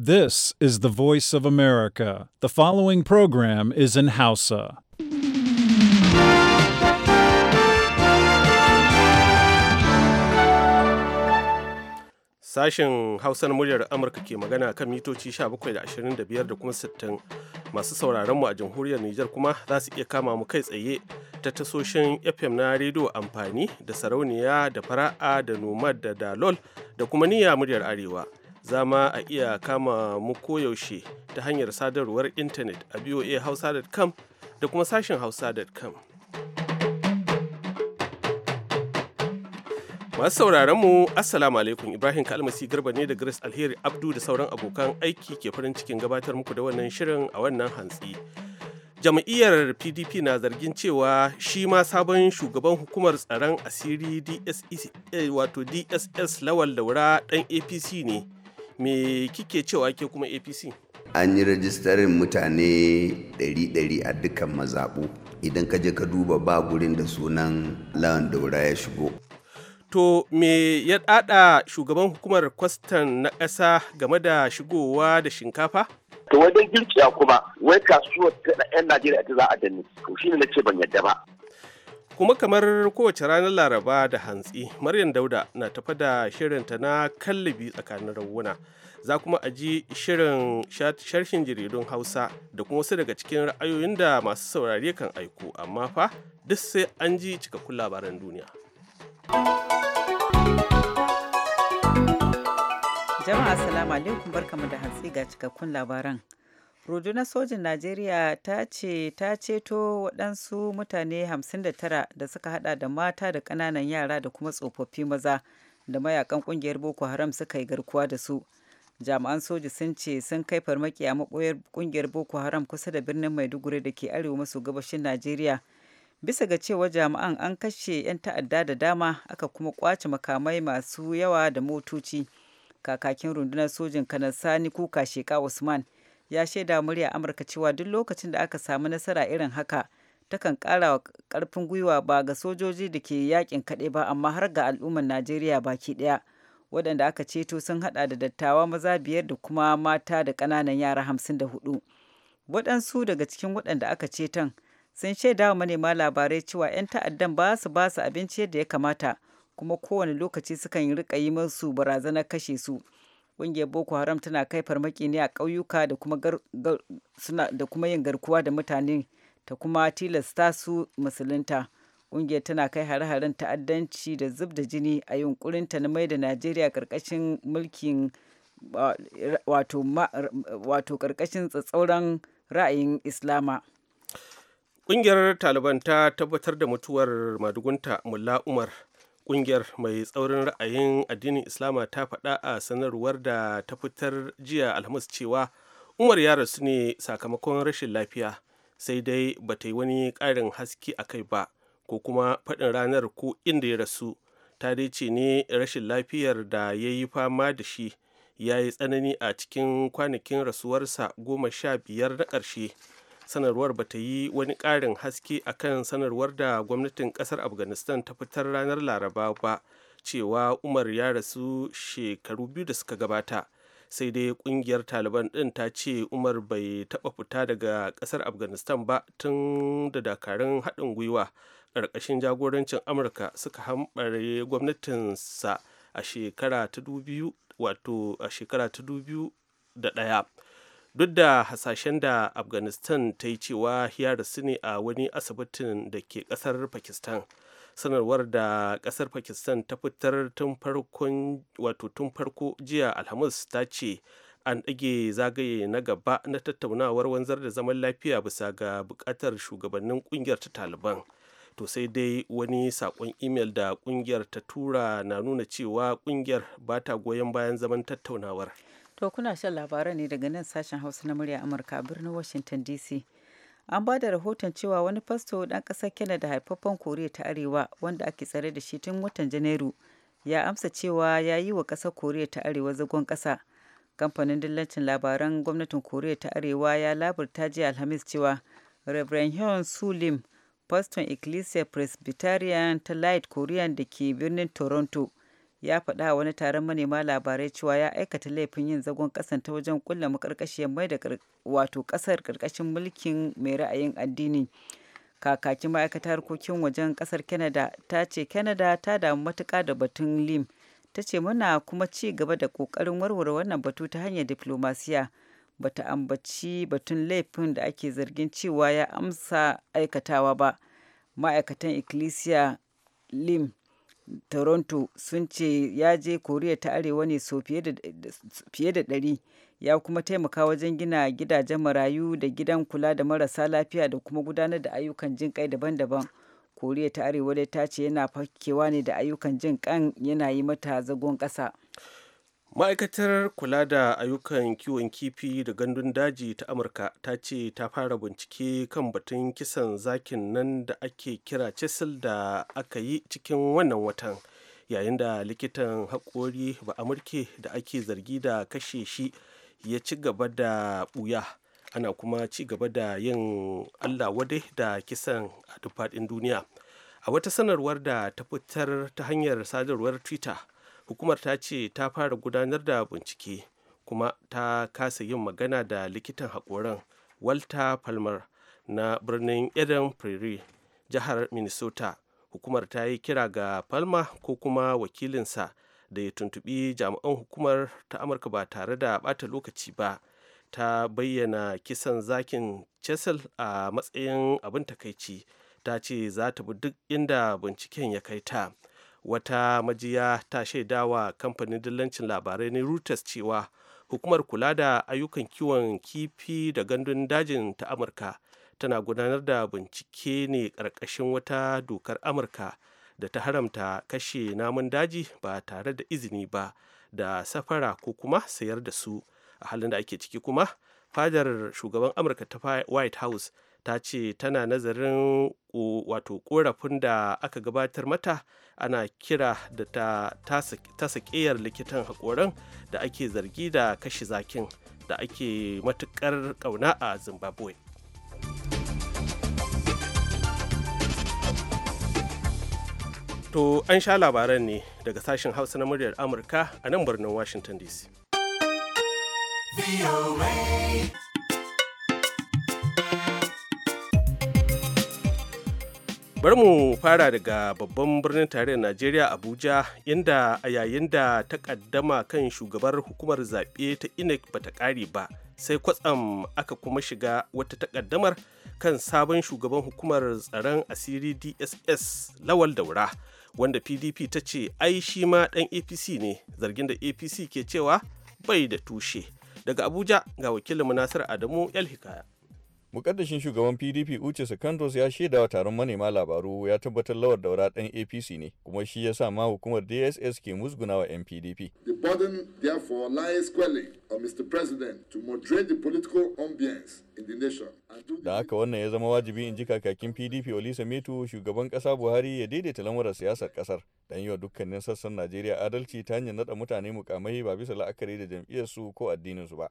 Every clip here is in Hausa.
This is the voice of America. The following program is in Hausa. Sashen Hausa na muryar Amurka ke magana kan mitoci 17.25 da kuma 60 masu sauraron mu a jamhuriyar Nijar kuma za su iya kama mu kai tsaye ta tasoshin FM na rediyo amfani da sarauniya da fara'a da nomad da dalol da kuma niyya muryar Arewa. za ma a iya kama mu koyaushe ta hanyar sadarwar intanet a voahausa.com da kuma sashen hausa.com. masu sauraron mu assalamu alaikum ibrahim kalmasi garba ne da grace alheri abdu da sauran abokan aiki ke farin cikin gabatar muku da wannan shirin a wannan hantsi jam'iyyar pdp na zargin cewa shi ma sabon shugaban hukumar tsaron asiri dss e, eh, lawal daura dan apc ne me kike cewa ke kuma apc an yi rajistarin mutane 100 a dukkan mazaɓu idan ka je ka duba ba gurin da sunan lawan daura ya shigo to me ya ɗaɗa shugaban hukumar kwastan na ƙasa game da shigowa da shinkafa to wajen girkiya kuma wai kasuwar ta 'yan najeriya ta za a danne to shine na ce ban yadda ba kuma kamar kowace ranar laraba da hantsi maryam dauda na tafa da shirinta na kallabi tsakanin rawuna za kuma a ji shirin sharshin jaridun hausa da kuma wasu daga cikin ra'ayoyin da masu saurare kan aiko amma fa duk sai an ji cikakkun labaran duniya jama'a salamu alaikum barkamu da hantsi ga cikakkun labaran rundunar sojin najeriya ta ce ta ceto waɗansu mutane 59 da suka hada da mata da ƙananan yara da kuma tsofaffi maza da mayakan ƙungiyar boko haram suka yi garkuwa da su jami'an soji sun ce sun kai farmaki a maɓoyar ƙungiyar boko haram kusa da birnin maiduguri da ke arewa maso gabashin najeriya bisa ga cewa jami'an an kashe 'yan ta'adda da dama aka kuma kwace makamai masu yawa da motoci kakakin rundunar sojin kanar sani kuka sheka usman ya shaida murya amurka cewa duk lokacin da aka samu nasara irin haka takan kara wa karfin gwiwa ba ga sojoji da ke yakin kaɗai ba amma har ga al'ummar najeriya baki ɗaya waɗanda aka ceto sun haɗa da dattawa maza biyar da kuma mata da ƙananan yara hamsin da hudu waɗansu daga cikin waɗanda aka ceton sun shaida wa manema labarai cewa 'yan ta'addan ba su ba su abinci yadda ya kamata kuma kowane lokaci sukan rika yi musu barazanar kashe su ƙungiyar boko haram tana kai farmaki ne a ƙauyuka da kuma yin garkuwa da mutane ta kuma tilasta su musulunta ƙungiyar tana kai hare-haren ta'addanci da zub da jini a yunkurinta na mai da najeriya ƙarƙashin mulkin wato ƙarƙashin tsatsauran ra'ayin islama ƙungiyar taliban ta tabbatar da mutuwar madugunta mulla umar Ƙungiyar mai tsaurin ra'ayin addinin islama ta faɗa a sanarwar da ta fitar jiya alhamis cewa umar ya rasu ne sakamakon rashin lafiya sai dai ba ta yi wani ƙarin haske a kai ba ko kuma faɗin ranar ko inda ya rasu ta dai ce ne rashin lafiyar da ya yi fama da shi ya yi tsanani a cikin kwanakin rasuwarsa goma sha biyar na ƙarshe sanarwar ba ta yi wani ƙarin haske akan sanarwar da gwamnatin ƙasar afghanistan ta fitar ranar laraba ba cewa umar ya rasu shekaru biyu da suka gabata sai dai kungiyar taliban ɗin ta ce umar bai taɓa fita daga ƙasar afghanistan ba tun da dakarun haɗin gwiwa ƙarƙashin jagorancin amurka suka hambare gwamnatinsa a shekara ta dubu wato a shekara ta dubu da ɗaya duk da hasashen da afghanistan ta yi cewa ya rasu ne a wani asibitin da ke kasar pakistan sanarwar da kasar pakistan ta fitar tun farko jiya alhamis ta ce an ɗage zagaye na gaba na tattaunawar wanzar da zaman lafiya bisa ga buƙatar shugabannin ƙungiyar ta taliban to sai dai wani saƙon imel da ƙungiyar ta tura na nuna cewa ƙungiyar ba ta goyon bayan zaman tattaunawar To kuna shan labaran ne daga nan sashen Hausa na murya Amurka a birnin Washington DC. An ba da rahoton cewa wani fasto ɗan ƙasar Canada haifaffen Koriya ta Arewa wanda ake tsare da shi tun watan Janairu ya amsa cewa ya yi wa ƙasar Koriya ta Arewa zagon ƙasa. Kamfanin dillancin labaran gwamnatin Koriya ta Arewa ya labarta jiya Alhamis cewa Reverend Hyun Sulim, faston Ecclesia Presbyterian ta Light Korean da ke birnin Toronto, ya faɗa a wani taron manema labarai cewa ya aikata laifin yin zagon ƙasan ta wajen kulla makarkashiyar mai da wato ƙasar ƙarƙashin mulkin mai ra'ayin addini kakakin ma'aikatar harkokin wajen ƙasar canada ta ce canada ta damu matuƙa da batun lim ta ce muna kuma ci gaba da ƙoƙarin warware wannan batu ta hanyar diflomasiya bata ambaci batun laifin da ake zargin cewa ya amsa aikatawa ba ma'aikatan ikkilisiya lim toronto sun ce ya je koriya ta arewa ne so fiye da ɗari ya kuma taimaka wajen gina gidajen marayu da gidan kula da marasa lafiya da kuma gudanar da ayyukan jin kai daban-daban koriya ta arewa dai ta ce yana fakewa ne da ayyukan jin kan yana yi mata zagon ƙasa ma'aikatar kula da ayyukan kiwon kifi da gandun daji ta amurka ta ce ta fara bincike kan batun kisan zakin nan da ake kira cecil da aka yi cikin wannan watan yayin da likitan haƙori ba amurke da ake zargi da kashe shi ya ci gaba da ɓuya ana kuma ci gaba da yin allah wade da kisan a duk faɗin duniya a wata sanarwar da ta fitar ta hanyar sadarwar twitter hukumar ta ce ta fara gudanar da bincike kuma ta kasa yin magana da likitan haƙoran walter palmer na birnin eden prairie jihar minnesota hukumar ta yi kira ga palmer ko kuma wakilinsa da ya tuntubi jami'an hukumar ta amurka ba tare da bata lokaci ba ta bayyana kisan zakin cecil a matsayin abin takaici ta ce za ta bi duk inda binciken ya kai ta wata majiya ta shaidawa kamfanin dillancin labarai na reuters cewa hukumar kula da ayyukan kiwon kifi da gandun dajin ta amurka tana gudanar da bincike ne ƙarƙashin wata dokar amurka da ta haramta kashe namun daji ba tare da izini ba da safara ko kuma sayar da su a halin da ake ciki kuma fadar shugaban amurka ta white house ta ce tana nazarin wato korafin da aka gabatar mata ana kira da ta, tasa sakiyar likitan haƙoran da ake zargi da kashe zakin da ake matuƙar ƙauna a zimbabwe to an sha labaran ne daga sashen hausa na muryar amurka a nan birnin washington dc bari mu fara daga babban birnin tarayyar najeriya abuja inda a yayin da ta kaddama kan shugabar hukumar zaɓe ta inec ba ta ƙare ba sai kwatsam aka kuma shiga wata takaddamar kan sabon shugaban hukumar tsaron asiri dss lawal daura wanda pdp ta ce ai shi ma dan apc ne zargin da apc ke cewa bai da tushe daga abuja ga wakilin munasir adamu el mukaddashin shugaban pdp uche secondos ya shaida wa taron manema labaru ya tabbatar lawar daura ɗan apc ne kuma shi ya sa ma hukumar dss ke musguna wa yan pdp the burden therefore lies squarely on mr president to moderate the political ambience Da haka wannan ya zama wajibi in ji kakakin PDP Olisa Metu shugaban kasa Buhari ya daidaita lamuran siyasar kasar dan yiwa dukkanin sassan Najeriya adalci ta hanyar nada mutane mukamai ba bisa la'akari da jam'iyyarsu ko addininsu ba.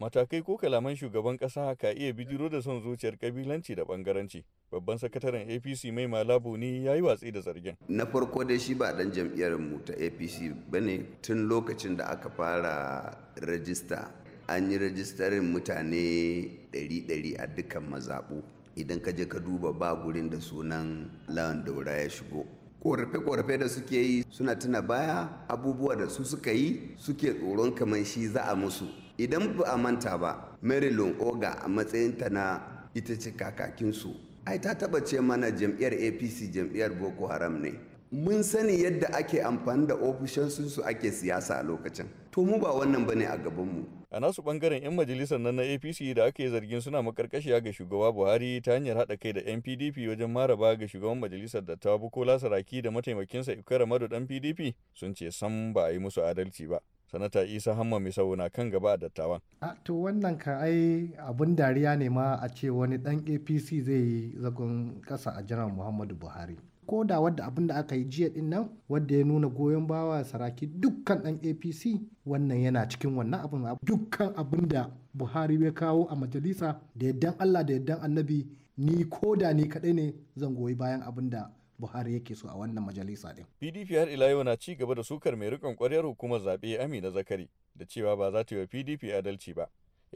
Matakai ko kalaman shugaban kasa ka iya bijiro da son zuciyar kabilanci da bangaranci. Babban sakataren APC mai malabu ne ya yi watsi da zargin. Na farko dai shi ba dan jam'iyyar mu ta APC bane tun lokacin da aka fara rajista an yi rajistarin mutane 100 a dukkan mazaɓu idan ka je ka duba ba gurin da sunan lawan daura ya shigo korafe-korafe da suke yi suna tuna baya abubuwa da su suka yi suke tsoron kamar shi za a musu idan ba a manta ba marilyn oga a matsayinta na ita ce kakakinsu ai ta taba ce mana jam'iyyar apc jam'iyyar boko haram ne mun sani yadda ake amfani da ofishinsu ake siyasa a lokacin to mu ba wannan bane a gabanmu a nasu bangaren 'yan majalisar nan na apc da aka yi zargin suna makarkashiya ga shugaba buhari ta hanyar haɗa kai da 'yan pdp wajen maraba ga shugaban majalisar da ta bukola saraki da mataimakinsa ikwara madu dan pdp sun ce san ba a yi musu adalci ba sanata isa hamma mai na kan gaba a dattawan a to wannan ka ai abun dariya ne ma a ce wani dan apc zai yi zagon kasa a jiran muhammadu buhari ko da wadda abin da aka yi jiya din nan wadda ya nuna goyon bawa saraki dukkan dan apc wannan yana cikin wannan abin dukkan abin da buhari ya kawo a majalisa da yaddan allah da yaddan annabi ni ko da ni kaɗai ne zan goyi bayan abin da Buhari yake so a wannan majalisa din. PDP har ila yau na ci gaba da sukar mai rikon kwaryar hukumar zaɓe Amina Zakari da cewa ba za ta yi wa PDP adalci ba.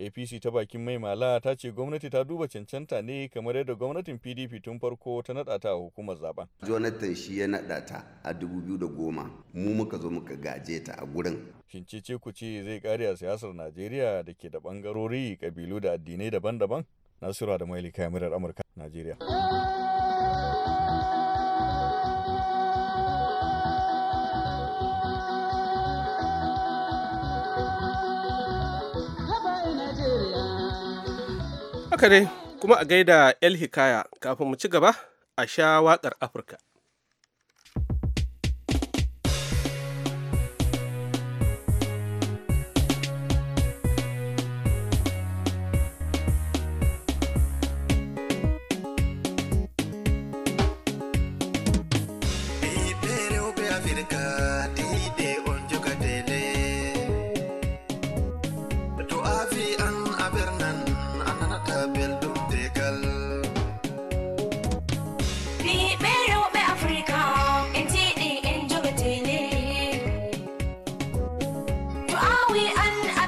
apc ta bakin mai mala ta ce gwamnati ta duba cancanta ne kamar yadda gwamnatin pdp tun farko ta naɗa ta hukumar zaben jonathan shi ya naɗa ta a goma mu muka zo muka gaje ta a gurin shincece ku ce zai kare a siyasar najeriya da ke da bangarori kabilu da addinai daban-daban nasiru da maili murar amurka najeriya haka ne kuma a gaida el hikaya kafin mu ci gaba a sha waƙar afirka an, an.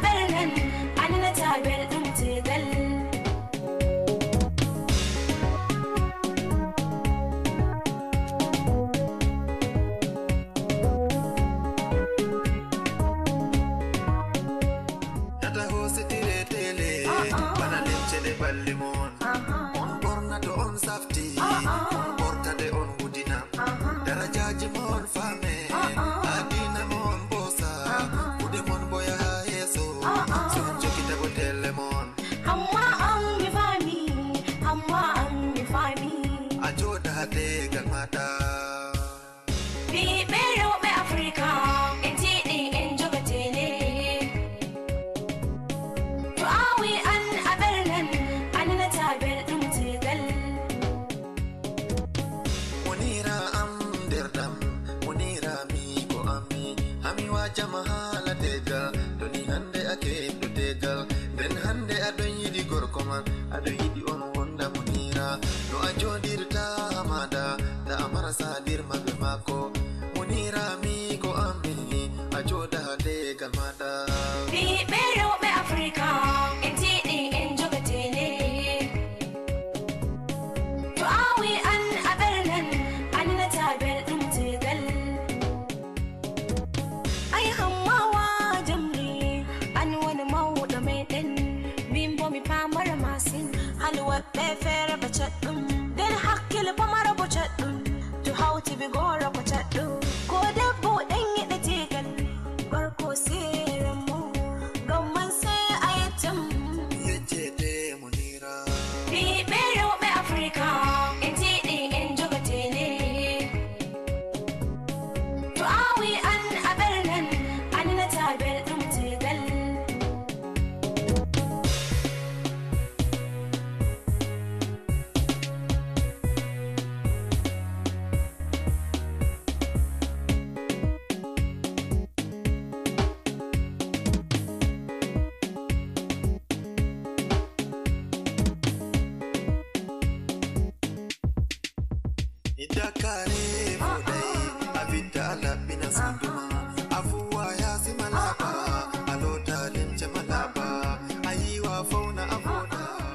jama'a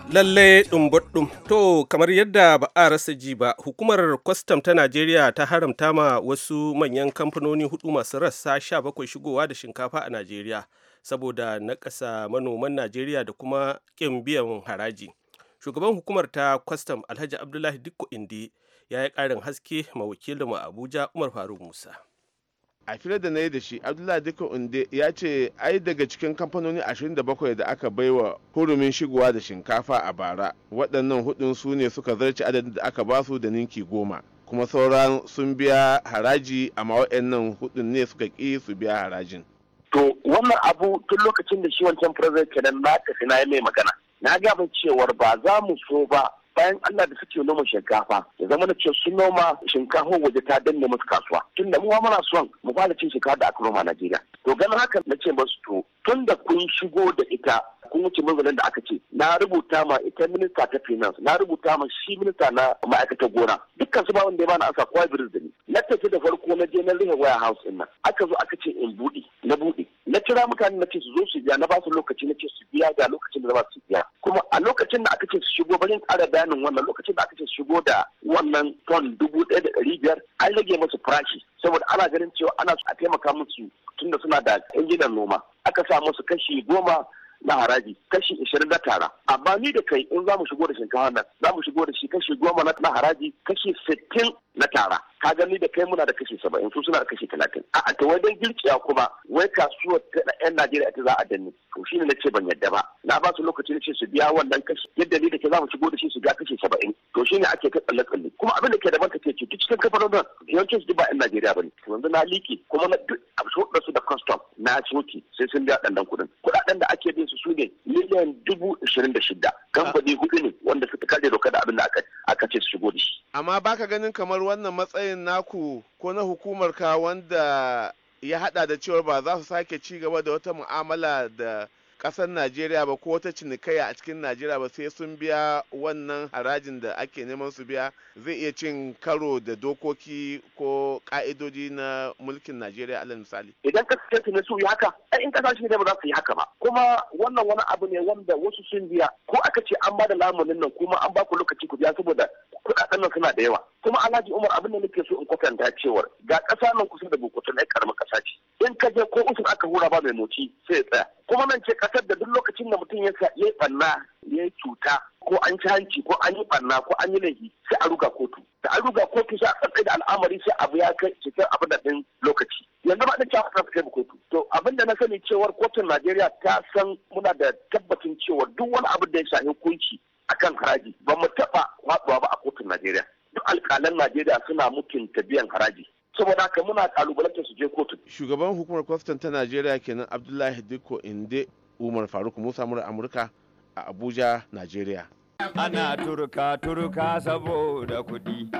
Lalle ɗumbaɗɗum. To, kamar yadda ba a rasa ji ba, hukumar kwastam ta Najeriya ta haramta ma wasu manyan kamfanoni hudu masu rassa 17 shigowa da shinkafa a Najeriya, saboda naƙasa manoman Najeriya da kuma ƙin biyan haraji. Shugaban hukumar ta kwastam Alhaji Abdullahi Dikko Indi ya yi ƙarin haske ma wakilinmu Abuja Umar Faruk Musa. a fira da na yi da shi abdullahi duka unde ya ce ai daga cikin kamfanoni 27 da aka baiwa hurumin shigowa da shinkafa a bara waɗannan hudun su ne suka zarce adadin da aka basu da ninki goma kuma sauran sun biya haraji amma waɗannan hudun ne suka ƙi su biya harajin to wannan abu tun lokacin da shi wancan president kenan na tafi na yi mai magana na gaba cewar ba za mu so ba bayan Allah da suke noma shinkafa ya zama da cewa sun noma shinkafa waje ta danne musu kasuwa tun da mu muna son mu fara cin shinkafa da aka noma Najeriya to ganin haka na ce musu to tun da kun shigo da ita kun wuce mazanin da aka ce na rubuta ma ita minista ta finance na rubuta ma shi minista na ma'aikatar gona dukkan su ba wanda ya bani ansa kowa biris da ni na tafi da farko na je na rufe waya house din nan aka zo aka ce in buɗe na buɗe na kira mutane na ce su zo su biya na ba su lokaci na ce su biya ga lokacin da za su biya kuma a lokacin da aka ce su shigo bayan tsara bayanin wannan lokacin da aka ce su shigo da wannan ton dubu ɗaya da ɗari biyar an rage musu farashi saboda ana ganin cewa ana a taimaka musu tunda suna da injinan noma aka sa musu kashi goma na haraji kashi ishirin na tara amma ni da kai in za mu shigo da shinkafa nan za mu shigo da shi kashi goma na haraji kashi sittin na tara ka gani da kai muna da kashi saba'in su suna da kashi talatin a ta wajen girkiya kuma wai kasuwar ta yan najeriya ta za a danne to shine na ce ban yadda ba na ba su lokaci na ce su biya wannan kashi yadda ni da ke za mu shigo da shi su ga kashi saba'in to shine ake ta tsalle tsalle kuma abin da ke daban ka ce ce duk cikin kamfanonin yawancin su duk ba yan najeriya ba ne yanzu na liki kuma na duk a su da custom na soki sai sun biya ɗan kuɗin kuɗaɗen da ake bin su su ne miliyan dubu ashirin da shida kamfani hudu ne wanda suka kare doka da abin da aka ce su shigo da shi. amma baka ganin kamar wannan matsayin naku ko na hukumar ka wanda ya hada da cewa ba za su sake ci gaba da wata mu'amala da kasar najeriya ba ko wata cinikayya a cikin najeriya ba sai sun biya wannan harajin da ake neman su biya zai iya cin karo da dokoki ko ka'idoji na mulkin najeriya alal misali idan ka su ne su yi haka ai in shi ne ba za su yi haka ba kuma wannan wani abu ne wanda wasu sun biya ko aka ce an ba da lamunin nan kuma an ba ku lokaci ku biya saboda kuɗaɗen nan suna da yawa kuma alhaji umar abin da nake so in kwatanta cewar ga ƙasa nan kusa da bukutun ai karamar ƙasa ce in ka je ko usul aka hura ba mai moci sai ya tsaya kuma nan ce ƙasar da duk lokacin da mutum ya yi banna ya yi cuta ko an ci hanci ko an yi banna ko an yi laifi sai a ruga kotu da an ruga kotu sai a tsatsai da al'amari sai abu ya kai cikin abin da ɗin lokaci yanzu ba ɗin cewa ta kotu to abin da na sani cewar kotun najeriya ta san muna da tabbacin cewa duk wani abu da ya shafi hukunci akan haraji ba mu taɓa ba a kotun Najeriya. Duk alƙalan Najeriya suna mutunta biyan haraji. saboda haka muna kalubalantar su je kotu. Shugaban hukumar kwastan ta Najeriya kenan Abdullahi Dikko Inde Umar Faruk Musa mura Amurka a Abuja, Najeriya. Ana turka turka saboda kuɗi.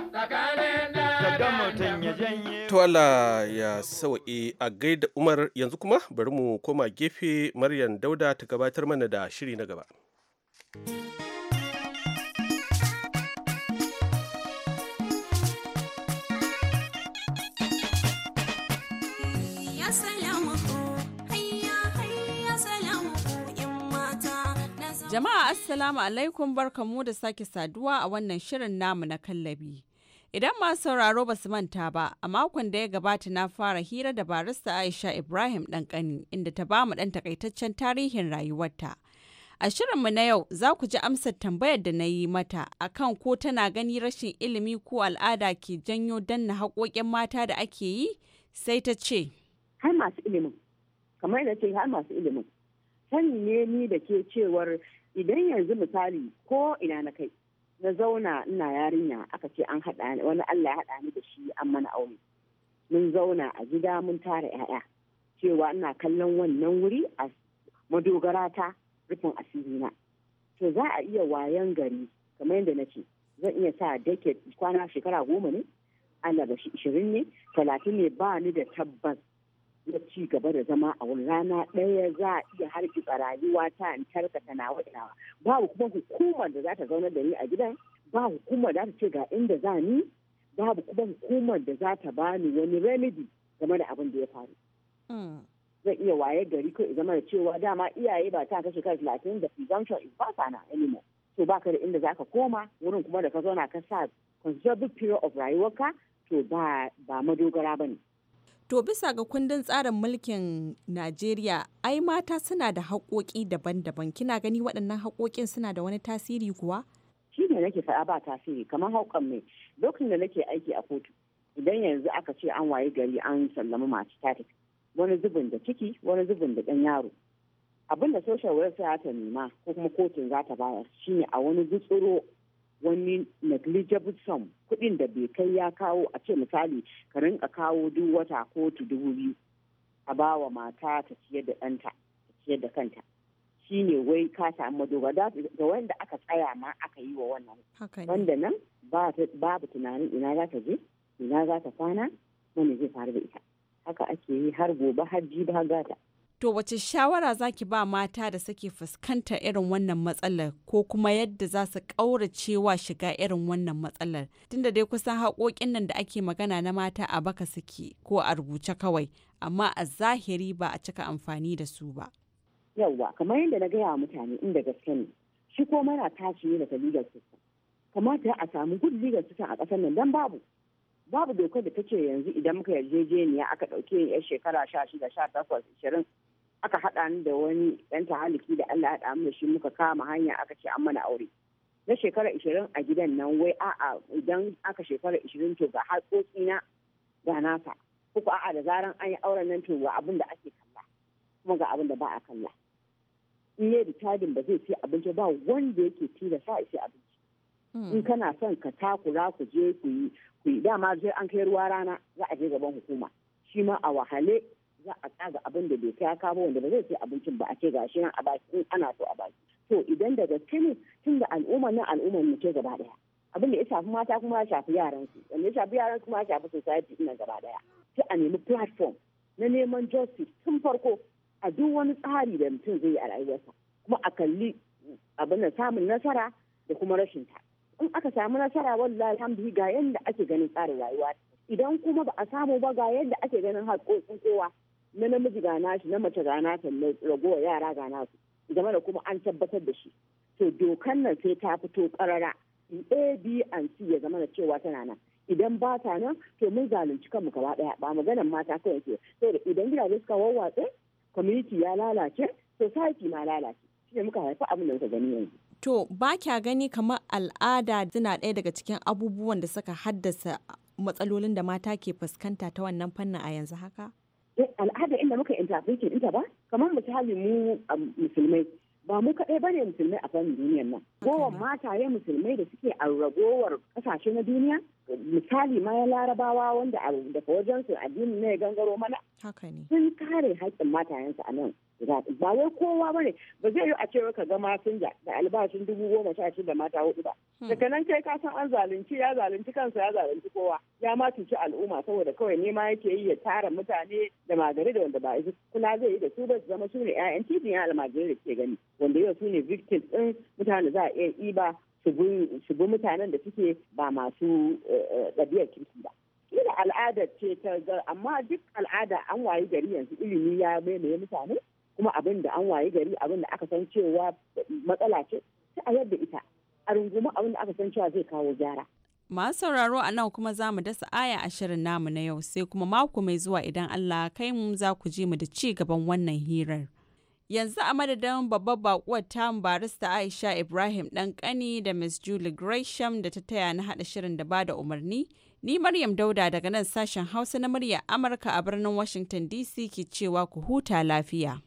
To Allah ya sawa'i a gaida Umar yanzu kuma bari mu koma gefe Maryam Dauda ta gabatar mana da shiri na gaba. Jama'a Assalamu alaikum barkamu da sake saduwa a wannan shirin namu na kallabi. Idan masu sauraro ba su manta ba, a makon da ya gabata na fara hira da barista Aisha Ibrahim ɗanƙani inda ta ba mu ɗan takaitaccen tarihin rayuwarta. A shirinmu na yau za ku ji amsar tambayar da na yi mata a kan ko tana gani rashin ilimi ko al'ada ke janyo danna haƙoƙin mata da ake yi sai ta ce. Har masu ilimin, kamar ce har masu ilimin, sani ne ni da ke cewar idan yanzu misali ko ina na kai na zauna ina yarinya aka ce an haɗa wani Allah ya haɗa ni da shi an mana aure mun zauna a gida mun tara 'ya'ya cewa ina kallon wannan wuri a madogara ta rufin asiri na to za a iya wayan gari kamar yadda na ce zan iya sa dake kwana shekara goma ne ana da ishirin ne talatin ne ba ni da tabbas ya ci gaba da zama a wani rana ɗaya za a iya hargitsa rayuwa ta in tarkata nawa inawa babu kuma hukumar da za ta zaunar da ni a gidan ba hukumar da ta ce ga inda za ni babu kuma hukumar da za ta bani wani remedy game da abin da ya faru. Hmm. Zan iya waye gari ko zama da cewa dama iyaye ba ta kashe kai talatin da presumption is basa na anymore. To ba da inda za ka koma wurin kuma da ka zauna ka sa conservative period of rayuwarka to ba madogara ba ne. To bisa ga kundin tsarin mulkin Najeriya, ai mata suna da haƙoƙi daban-daban. Kina gani waɗannan haƙoƙin suna da wani tasiri kuwa? Shi ne nake faɗa ba tasiri, kamar haukan mai. Lokacin da nake aiki a kotu, idan yanzu aka ce an waye gari an sallami masu tafi, wani zubin da ciki, wani zubin da ɗan yaro. Abin da social welfare ta nema ko kuma kotun za ta bayar shine a wani gutsuro wani negligible sum kudin da bai kai ya kawo a ce misali ka rinka kawo duk wata ko tu dubu biyu a ba wa mata ta ciyar da ɗanta ta ciyar da kanta shi ne wai ka samu madogara da wanda aka tsaya ma aka yi wa wannan wanda nan babu tunanin ina za ta je ina za ta kwana wani zai faru da ita haka ake yi har gobe har jibi har gata To wace shawara za ki ba mata da suke fuskanta irin wannan matsalar ko kuma yadda za su ƙaurace shiga irin wannan matsalar? Tunda dai kusan haƙoƙin nan da ake magana na mata a baka suke ko a rubuce kawai, amma a zahiri ba a cika amfani da su ba. Yawwa, kamar yadda na gaya mutane inda gaske ne, shi ko mana tashi ne daga legal system. Kamata a samu good legal system a ƙasar nan dan babu. Babu dokar da take yanzu idan muka yarjejeniya aka ɗauke 'yar shekara sha shida, sha takwas, ishirin, aka haɗa ni da wani ɗan tahaliki da Allah haɗa mu shi muka kama hanya aka ce an mana aure na shekara ishirin a gidan nan wai a'a idan aka shekara ishirin to ga haƙoƙi na ga nasa ko a'a da zaran an yi auren nan to ga abin da ake kalla kuma ga abin da ba a kalla in yi ritadin ba zai ci abinci ba wanda yake sa ya abinci hmm. in kana son ka takura ku je ku yi dama sai an kai ruwa rana za a je gaban hukuma shi ma a wahale za a tsaga abin da bai kai kawo wanda ba zai ci abincin ba a ce ga shi nan a baki in ana so a baki to idan daga gaske tun da al'ummar na al'ummar mu ce gaba daya abin da ya shafi mata kuma ya shafi yaran su wanda ya shafi yaran kuma ya shafi society ina gaba daya sai a nemi platform na neman justice tun farko a duk wani tsari da mutum zai yi a rayuwarsa kuma a kalli abin da samun nasara da kuma rashin ta in aka samu nasara wallahi alhamdulillah ga yadda ake ganin tsarin rayuwa idan kuma ba a samu ba ga yadda ake ganin haƙoƙin kowa na namiji gana shi na mace gana ta na ragowa yara gana su zama da kuma an tabbatar da shi to dokan nan sai ta fito karara a b and c ya zama da cewa tana nan idan ba ta nan to mun zalunci kanmu gaba daya ba maganan mata kawai ke sai da idan gidaje suka wawwatse community ya lalace society ma lalace shi muka haifa abin da muka gani yanzu to ba kya gani kamar al'ada suna ɗaya daga cikin abubuwan da suka haddasa matsalolin da mata ke fuskanta ta wannan fannin a yanzu haka Eh, al'ada inda muka interpretin ita ba kamar misali mu um, musulmai ba mu kaɗai ba ne musulmai a fannin duniyar nan kowan mataye musulmai da suke a ragowar ƙasashe na duniya misali ma ya larabawa wanda daga wajensu addini ne gangaro mana sun kare haƙƙin matayensu a nan ba wai kowa ba ne ba zai yi a cewa ka ga masinja da albashin dubu goma sha shida mata hudu ba hmm. daga nan kai ka san an zalunci ya zalunci kansa ya zalunci kowa ya ma cuci al'umma saboda kawai nema yake yi ya tara mutane da magari da wanda ba a kula zai yi da su ba su zama su ne 'ya'yan titin ya almajiri da ke gani wanda yau su ne victim din mutane za a iya ba su bi mutanen da suke ba masu eh, eh, ɗabi'ar kirki ba kila al'ada ce ta amma duk al'ada an wayi gari yanzu ilimi ya maimaye mutane kuma abin da an waye gari abin da aka san cewa matsala ce sai a yadda ita a rungumi abin da aka san cewa zai kawo gyara masu sauraro a nan kuma za mu dasa aya a shirin namu na yau sai kuma mako mai zuwa idan Allah kai mu za ku ji mu da ci gaban wannan hirar. Yanzu a madadin babbar bakuwar tamu barista Aisha Ibrahim kani da Miss Julie Gresham da ta taya na haɗa shirin da bada umarni, ni Maryam Dauda daga nan sashen Hausa na murya Amurka a birnin Washington DC ke cewa ku huta lafiya.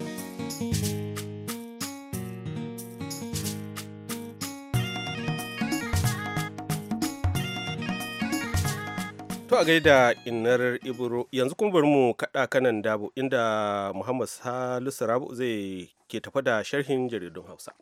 To a gaida inar Ibro yanzu kuma bari mu kaɗa kanan dabo inda Muhammad Salisu Rabu zai ke tafa da sharhin jaridun Hausa.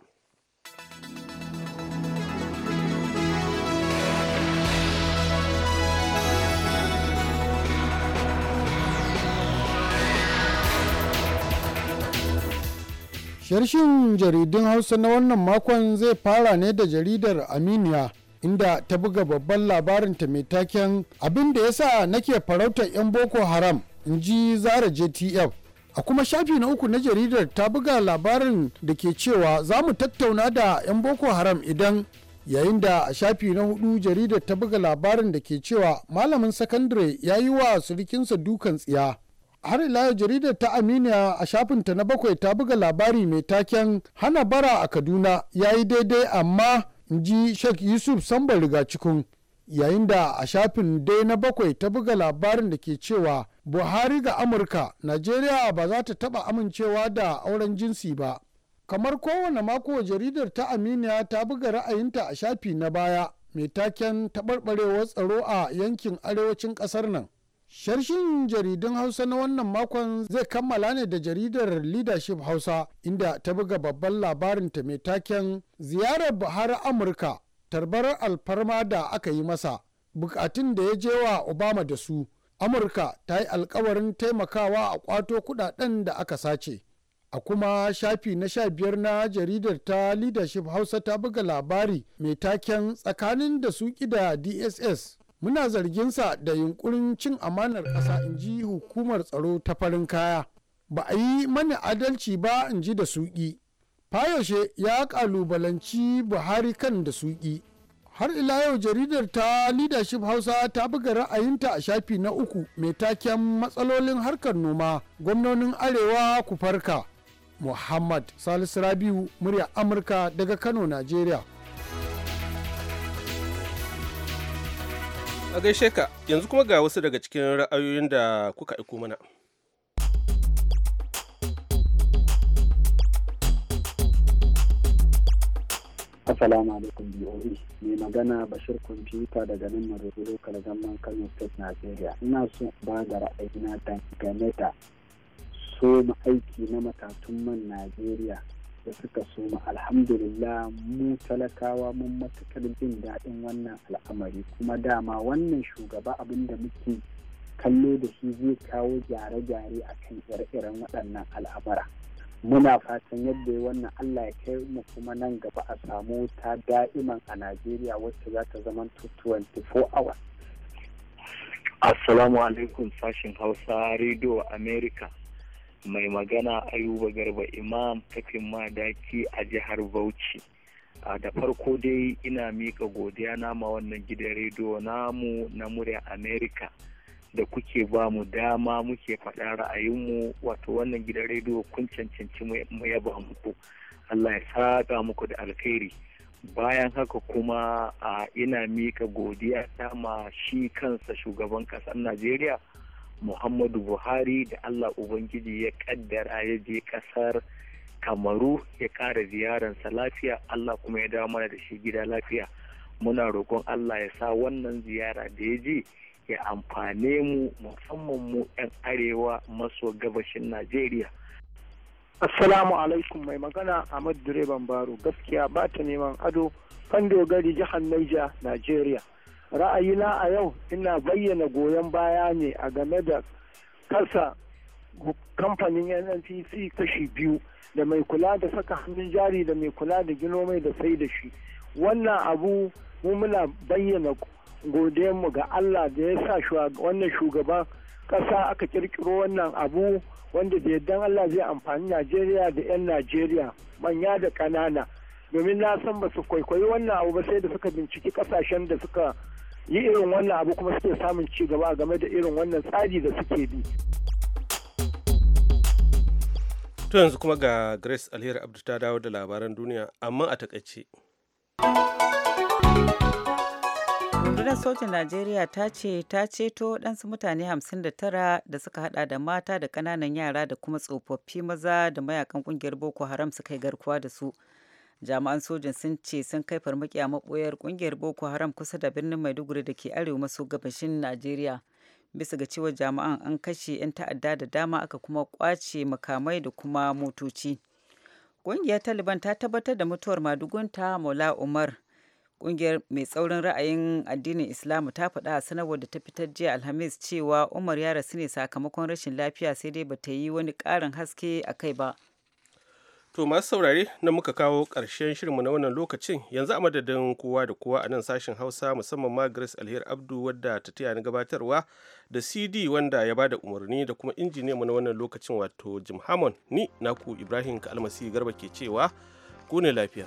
Sharshin jaridun Hausa na wannan makon zai fara ne da jaridar Aminiya inda ta buga babban labarinta mai taken abin da ya sa nake farautar 'yan boko haram in ji zara jtf a kuma shafi na uku na jaridar ta buga labarin da ke cewa za mu tattauna da 'yan boko haram idan yayin da a shafi na hudu jaridar ta buga labarin da ke cewa malamin sakandare ya yi wa surikinsa dukan tsiya har ila jaridar ta aminiya a shafinta na bakwai ta buga labari mai taken hana bara a kaduna ya yi daidai amma in ji sheikh yusuf sambar riga cikin yayin da a shafin dai na bakwai ta buga labarin da ke cewa buhari ga amurka najeriya ba za ta taba amincewa da auren jinsi ba kamar kowane mako jaridar ta aminiya ta buga ra'ayinta a shafi na baya mai taken taɓarɓarewar tsaro a yankin arewacin ƙasar nan Sharshin jaridun Hausa na wannan makon zai kammala ne da jaridar Leadership Hausa inda ta buga babban labarin ta mai taken ziyarar Buhari Amurka tarbar alfarma da aka yi masa bukatun da ya je wa Obama da su. Amurka ta yi alkawarin taimakawa a kwato kudaden da aka sace. A kuma shafi na sha biyar na jaridar ta Leadership Hausa ta buga labari mai taken tsakanin da suki da DSS muna zarginsa da yunkurin cin amanar ƙasa in ji hukumar tsaro ta farin kaya ba a yi mani adalci ba in ji da suƙi fayaushe ya ƙalubalanci buhari kan da suƙi har ila yau jaridar ta leadership hausa ta buga ra'ayinta a shafi na uku mai taken matsalolin harkar noma gwamnonin arewa ku farka muhammad salisu rabiu murya amurka daga kano nigeria. A gaishe ka yanzu kuma ga wasu daga cikin ra'ayoyin da kuka aiko mana. Assalamu alaikum BOE. Mai magana Bashir Kwamfuta daga nan Maruru Kalgamman Kano State Nigeria. Ina so ba da ra'ayina game da so aiki na matatun man Najeriya da suka soma alhamdulillah mu talakawa mun matukar jin daɗin wannan al'amari kuma dama wannan shugaba abin da muke kallo da shi zai kawo gyare-gyare a kan ire-iren waɗannan al'amura muna fatan yadda ya wannan allah ya kai mu kuma nan gaba a samu ta da'iman a najeriya wacce za ta zama 24 hours assalamu alaikum sashin hausa rediyo america mai magana ayuba garba imam tafin madaki a jihar bauchi da farko dai ina mika godiya nama wannan gidan rediyo namu na murya Amerika. da kuke ba mu dama muke faɗa ra'ayinmu wato wannan gidan rediyo kun cancanci mu yaba muku allah ya saka muku da alkhairi bayan haka kuma a ina mika godiya ta ma shi kansa shugaban ƙasar najeriya muhammadu buhari da allah ubangiji ya kaddara ya je kasar kamaru ya kara ziyararsa lafiya allah kuma ya dawo mana da shi gida lafiya muna roƙon allah ya sa wannan ziyara da ya je ya amfane mu musamman mu 'yan arewa maso gabashin najeriya Assalamu alaikum mai magana Ahmad Direban Baro gaskiya ba ta neman ado kan dogari jihar Niger, Najeriya. ra'ayina a yau ina bayyana goyon baya ne a game da kasa kamfanin nnpc kashi biyu da mai kula da saka hannun jari da mai kula da gino mai da sai da shi wannan abu mu muna bayyana mu ga allah da ya sa wannan shugaban kasa aka kirkiro wannan abu wanda da yardan allah zai amfani najeriya da 'yan najeriya manya da kanana domin na san ba su kwaikwayi wannan abu ba sai da suka binciki kasashen da suka yi irin wannan abu kuma suke samun ci gaba game da irin wannan tsari da suke bi to yanzu kuma ga grace alheri abdu ta dawo da labaran duniya amma a takaice rundunar sojin najeriya ta ce ta ceto ɗansu mutane 59 da suka hada da mata da ƙananan yara da kuma tsofaffi maza da mayakan ƙungiyar boko haram suka yi garkuwa da su jami'an sojin sun ce sun kai farmaki a maboyar kungiyar boko haram kusa da birnin maiduguri da ke arewa maso gabashin najeriya bisa ga cewa jami'an an kashe 'yan ta'adda da dama aka kuma kwace makamai da kuma motoci kungiyar taliban ta tabbatar da mutuwar madugunta maula umar kungiyar mai tsaurin ra'ayin addinin islamu ta faɗa a sanarwar da ta fitar jiya alhamis cewa umar ya rasu ne sakamakon rashin lafiya sai dai bata yi wani ƙarin haske a kai ba To masu saurare na muka kawo ƙarshen shirinmu na wannan lokacin yanzu a madadin kowa da kowa a nan sashen Hausa musamman ma Grace Alheri Abdu wadda ta taya na gabatarwa da CD wanda ya bada umarni da kuma mu na wannan lokacin wato Jim Hammond ni naku Ibrahim Kalmasi Garba ke cewa ku ne lafiya.